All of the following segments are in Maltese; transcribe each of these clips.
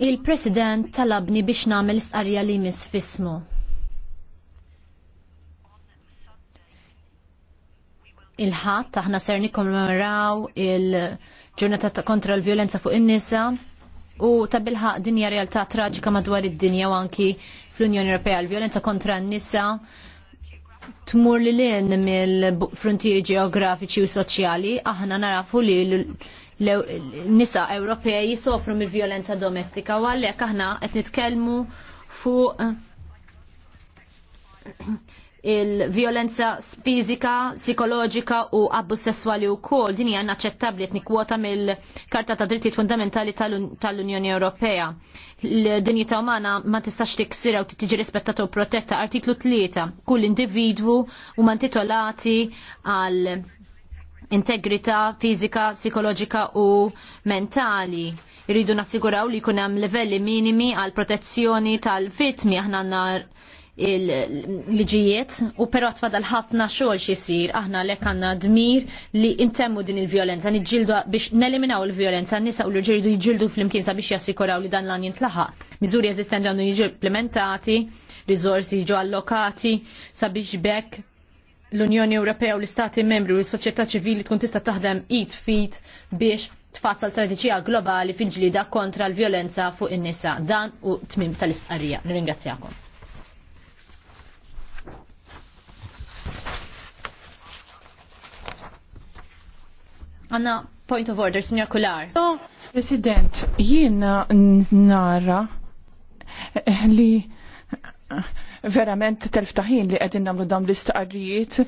Il-President talabni biex namel istqarja li mis fismu. Il-ħat aħna ser nikkommemoraw il-ġurnata kontra l-violenza fuq in-nisa u tabilħaq dinja realtà traġika madwar id-dinja u anki fl-Unjoni Ewropea l-violenza kontra n-nisa tmur li l mill-frontieri ġeografiċi u soċjali, aħna narafu li l-nisa Ewropej jisofru mill-violenza domestika u għallek aħna qed nitkellmu fuq il-violenza fizika, psikoloġika u abbu sesswali u kol din hija inaċċettabbli qed nikwota mill-Karta ta' dritti Fundamentali tal-Unjoni Ewropea. L-dinjità umana ma tistax tiksira u tiġi rispettata u protetta. Artiklu 3. Kull individwu huma intitolati għal integrità fizika, psikoloġika u mentali irridu nassiguraw li jkun hemm livelli minimi għal protezzjoni tal-vittmi aħna nar il-liġijiet u però tfadal ħafna xogħol xisir aħna lek għandna dmir li intemmu din il-vjolenza niġġieldu biex neliminaw il-vjolenza nisa u l ġirdu jġildu flimkien imkien sabiex jassikuraw li dan lan jintlaħaq. Miżuri eżistenti għandu jiġu implementati, rizorsi jiġu allokati sabiex bekk l-Unjoni Ewropea u l-Istati membri u s-soċjetà ċivili tkun tista' taħdem it fit biex tfassal strateġija globali fil-ġlida kontra l-vjolenza fuq in-nisa. Dan u tmim tal-istqarrija. Nirringrazzjakom. Għanna point of order, signor Kular. No, President, jiena nara eh, eh, li eh, verament telftaħin li għedin namlu dam l-istaqarrijiet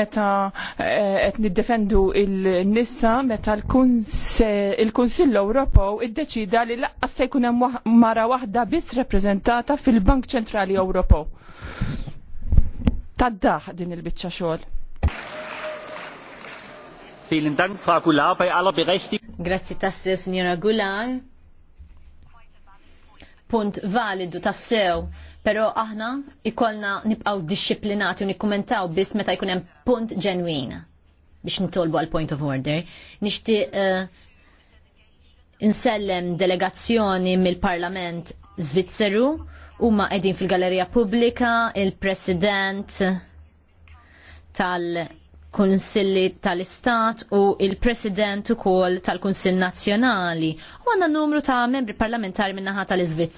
meta għed niddefendu il-nissa meta l kunsill Ewropew id-deċida li laqqas se jkun hemm mara waħda biss rappreżentata fil-Bank Ċentrali Ewropew. Taddaħ din il-biċċa xogħol. Vielen Dank, Frau Goulart, bei aller Berechtigung. Grazie tasse, signora Goulart. Punt validu tassew, pero aħna ikolna nibqaw disciplinati u nikkumentaw biss meta jkun hemm punt ġenwin biex nitolbu għal point of order. Nixti uh, eh, insellem delegazzjoni mill-Parlament Zvizzeru huma qegħdin fil-Gallerija Pubblika, il-President tal- kunsilli tal-Istat u il-President ukoll tal-Kunsill Nazzjonali u għandna numru ta' membri parlamentari min-naħa tal-Iżvizz.